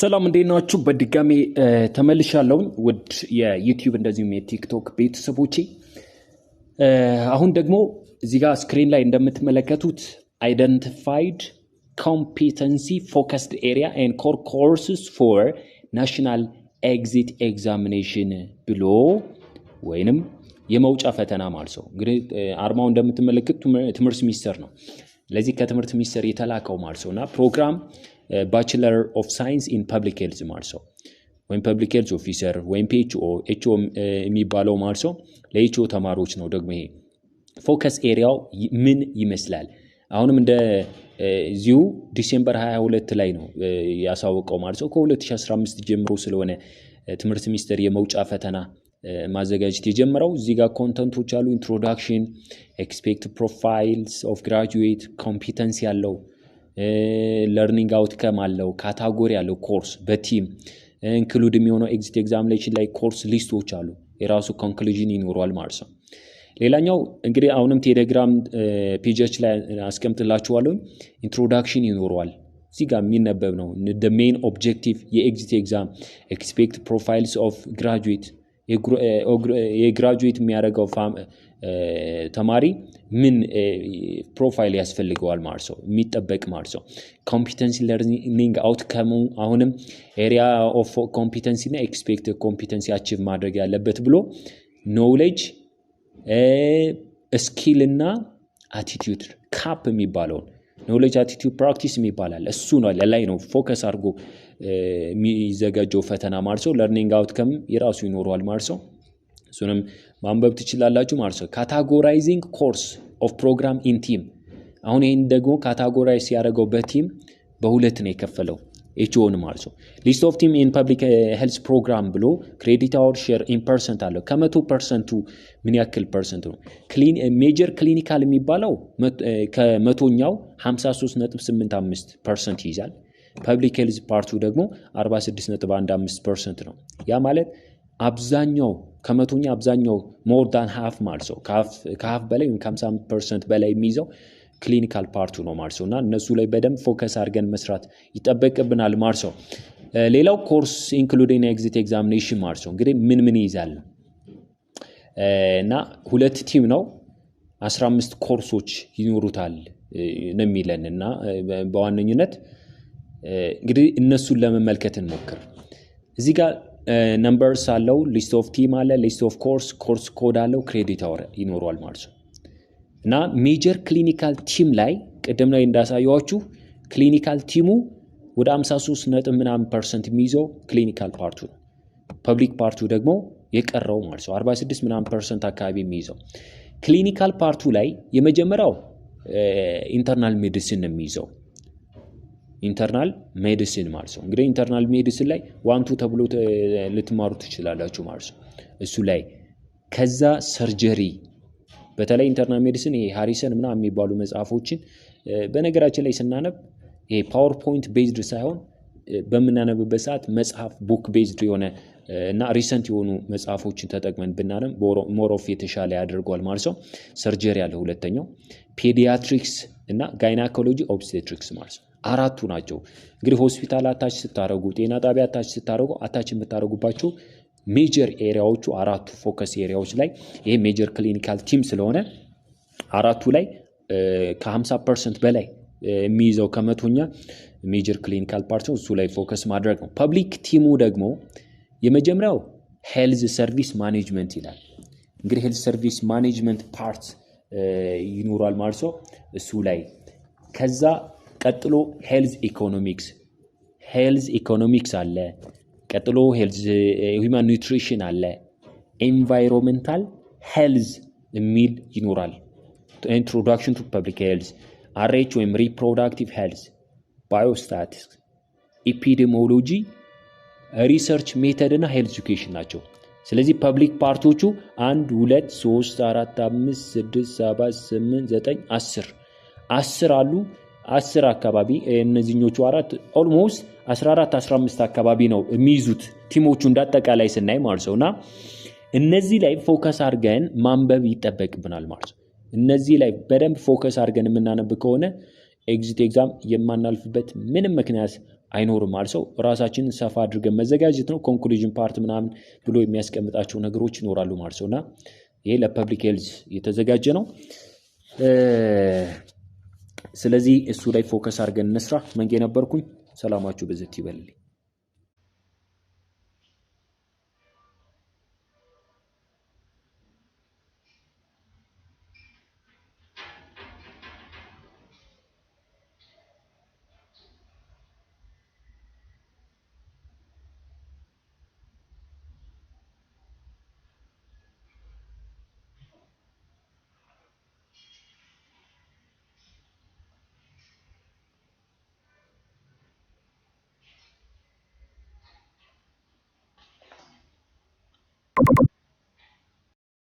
ሰላም እንዴት ናችሁ? በድጋሜ ተመልሻለሁኝ ውድ የዩቲዩብ እንደዚሁም የቲክቶክ ቤተሰቦቼ። አሁን ደግሞ እዚህ ጋር ስክሪን ላይ እንደምትመለከቱት አይደንቲፋይድ ኮምፒተንሲ ፎከስድ ኤሪያ ኤንድ ኮር ኮርስስ ፎር ናሽናል ኤግዚት ኤግዛሚኔሽን ብሎ ወይንም የመውጫ ፈተና ማለት ነው። እንግዲህ አርማው እንደምትመለከት ትምህርት ሚኒስቴር ነው። ለዚህ ከትምህርት ሚኒስቴር የተላከው ማለት እና ፕሮግራም ባችለር ኦፍ ሳይንስ ኢን ፐብሊክ ሄልዝ ማለት ወይም ፐብሊክ ሄልዝ ኦፊሰር ወይም ፒኤችኦ ችኦ የሚባለው ማለት ለችኦ ተማሪዎች ነው። ደግሞ ይሄ ፎከስ ኤሪያው ምን ይመስላል? አሁንም እንደ እዚሁ ዲሴምበር 22 ላይ ነው ያሳወቀው ማለት ከ ከ2015 ጀምሮ ስለሆነ ትምህርት ሚኒስቴር የመውጫ ፈተና ማዘጋጀት የጀመረው። እዚህ ጋር ኮንተንቶች አሉ፣ ኢንትሮዳክሽን፣ ኤክስፔክት ፕሮፋይልስ ኦፍ ግራጁዌት፣ ኮምፒተንስ ያለው ለርኒንግ አውትከም አለው፣ ካታጎሪ አለው፣ ኮርስ በቲም ኢንክሉድ የሚሆነው ኤግዚት ኤግዛሚኔሽን ላይ ኮርስ ሊስቶች አሉ። የራሱ ኮንክሉዥን ይኖረዋል ማለት ነው። ሌላኛው እንግዲህ አሁንም ቴሌግራም ፔጆች ላይ አስቀምጥላችኋለሁ። ኢንትሮዳክሽን ይኖረዋል እዚህ ጋር የሚነበብ ነው። ሜን ኦብጀክቲቭ የኤግዚት ኤግዛም ኤክስፔክት ፕሮፋይልስ ኦፍ ግራጁዌት የግራጁዌት የሚያደርገው ተማሪ ምን ፕሮፋይል ያስፈልገዋል ማለት ሰው የሚጠበቅ ማለት ሰው ኮምፒተንሲ ለርኒንግ አውትከሙ አሁንም ኤሪያ ኦፍ ኮምፒተንሲ እና ኤክስፔክት ኮምፒተንሲ አቺቭ ማድረግ ያለበት ብሎ ኖውሌጅ ስኪል እና አቲቱድ ካፕ የሚባለውን ኖሌጅ አቲቲዩድ ፕራክቲስ የሚባላል እሱ ነው ላይ ነው ፎከስ አድርጎ የሚዘጋጀው ፈተና ማርሰው ለርኒንግ አውትከም የራሱ ይኖረዋል ማርሰው እሱንም ማንበብ ትችላላችሁ ማርሰው ካታጎራይዚንግ ኮርስ ኦፍ ፕሮግራም ኢን ቲም። አሁን ይህን ደግሞ ካታጎራይዝ ሲያደርገው በቲም በሁለት ነው የከፈለው። ኤችኦን ማለት ነው። ሊስት ኦፍ ቲም ኢን ፐብሊክ ሄልስ ፕሮግራም ብሎ ክሬዲት አወር ሼር ኢን ፐርሰንት አለው። ከመቶ ፐርሰንቱ ምን ያክል ፐርሰንት ነው? ሜጀር ክሊኒካል የሚባለው ከመቶኛው 53.85 ፐርሰንት ይይዛል። ፐብሊክ ሄልዝ ፓርቱ ደግሞ 46.15 ፐርሰንት ነው። ያ ማለት አብዛኛው ከመቶኛ አብዛኛው ሞር ዳን ሀፍ ማለት ነው። ከሀፍ በላይ ወይም ከ50 ፐርሰንት በላይ የሚይዘው ክሊኒካል ፓርቱ ነው ማርሶ እና እነሱ ላይ በደንብ ፎከስ አድርገን መስራት ይጠበቅብናል ማርሶ። ሌላው ኮርስ ኢንክሉዲንግ ኤግዚት ኤግዛሚኔሽን ማርሶ እንግዲህ ምን ምን ይይዛል ነው እና ሁለት ቲም ነው አስራ ኮርሶች ይኖሩታል ነው የሚለን እና በዋነኝነት እንግዲህ እነሱን ለመመልከት እንሞክር። እዚህ ጋር ነምበርስ አለው፣ ሊስት ኦፍ ቲም አለ፣ ሊስት ኦፍ ኮርስ፣ ኮርስ ኮድ አለው፣ ክሬዲት አወር ይኖረዋል ማለት ነው። እና ሜጀር ክሊኒካል ቲም ላይ ቅድም ላይ እንዳሳየዋችሁ ክሊኒካል ቲሙ ወደ 53 ነጥብ ምናምን ፐርሰንት የሚይዘው ክሊኒካል ፓርቱ ነው። ፐብሊክ ፓርቱ ደግሞ የቀረው ማለት ነው 46 ምናምን ፐርሰንት አካባቢ የሚይዘው ክሊኒካል ፓርቱ ላይ የመጀመሪያው ኢንተርናል ሜዲሲን ነው የሚይዘው ኢንተርናል ሜዲሲን ማለት ነው። እንግዲህ ኢንተርናል ሜዲሲን ላይ ዋንቱ ተብሎ ልትማሩ ትችላላችሁ ማለት ነው። እሱ ላይ ከዛ ሰርጀሪ በተለይ ኢንተርናል ሜዲሲን ይሄ ሃሪሰን ምና የሚባሉ መጽሐፎችን በነገራችን ላይ ስናነብ ይሄ ፓወርፖይንት ቤዝድ ሳይሆን በምናነብበት ሰዓት መጽሐፍ ቡክ ቤዝድ የሆነ እና ሪሰንት የሆኑ መጽሐፎችን ተጠቅመን ብናለም ሞሮፍ የተሻለ ያደርገዋል ማለት ነው። ሰርጀሪ ያለ ሁለተኛው ፔዲያትሪክስ እና ጋይናኮሎጂ ኦብስቴትሪክስ ማለት ነው። አራቱ ናቸው እንግዲህ ሆስፒታል አታች ስታደረጉ፣ ጤና ጣቢያ አታች ስታደረጉ አታች የምታደረጉባቸው ሜጀር ኤሪያዎቹ አራቱ ፎከስ ኤሪያዎች ላይ ይሄ ሜጀር ክሊኒካል ቲም ስለሆነ አራቱ ላይ ከ50 ፐርሰንት በላይ የሚይዘው ከመቶኛ ሜጀር ክሊኒካል ፓርት ነው። እሱ ላይ ፎከስ ማድረግ ነው። ፐብሊክ ቲሙ ደግሞ የመጀመሪያው ሄልዝ ሰርቪስ ማኔጅመንት ይላል። እንግዲህ ሄልዝ ሰርቪስ ማኔጅመንት ፓርት ይኖራል ማለት ነው እሱ ላይ ከዛ ቀጥሎ ሄልዝ ኢኮኖሚክስ ሄልዝ ኢኮኖሚክስ አለ። ቀጥሎ ሄልዝ ሂውማን ኒውትሪሽን አለ። ኤንቫይሮንመንታል ሄልዝ የሚል ይኖራል። ኢንትሮዳክሽን ቱ ፐብሊክ ሄልዝ፣ አሬች ወይም ሪፕሮዳክቲቭ ሄልዝ፣ ባዮስታቲክስ፣ ኢፒዴሞሎጂ፣ ሪሰርች ሜተድ እና ሄልዝ ኤዱኬሽን ናቸው። ስለዚህ ፐብሊክ ፓርቶቹ አንድ ሁለት ሶስት አራት አምስት ስድስት ሰባት ስምንት ዘጠኝ አስር አስር አሉ። አስር አካባቢ እነዚህኞቹ አራት ኦልሞስት 14 15 አካባቢ ነው የሚይዙት ቲሞቹ እንዳጠቃላይ ስናይ ማለት ነው እና እነዚህ ላይ ፎከስ አድርገን ማንበብ ይጠበቅብናል ማለት ነው። እነዚህ ላይ በደንብ ፎከስ አድርገን የምናነብ ከሆነ ኤግዚት ኤግዛም የማናልፍበት ምንም ምክንያት አይኖርም ማለት ነው። ራሳችንን ሰፋ አድርገን መዘጋጀት ነው። ኮንክሉዥን ፓርት ምናምን ብሎ የሚያስቀምጣቸው ነገሮች ይኖራሉ ማለት ነው እና ይሄ ለፐብሊክ ሄልዝ የተዘጋጀ ነው። ስለዚህ እሱ ላይ ፎከስ አድርገን እንስራ። መንጌ ነበርኩኝ። ሰላማችሁ በዘት ይበልልኝ።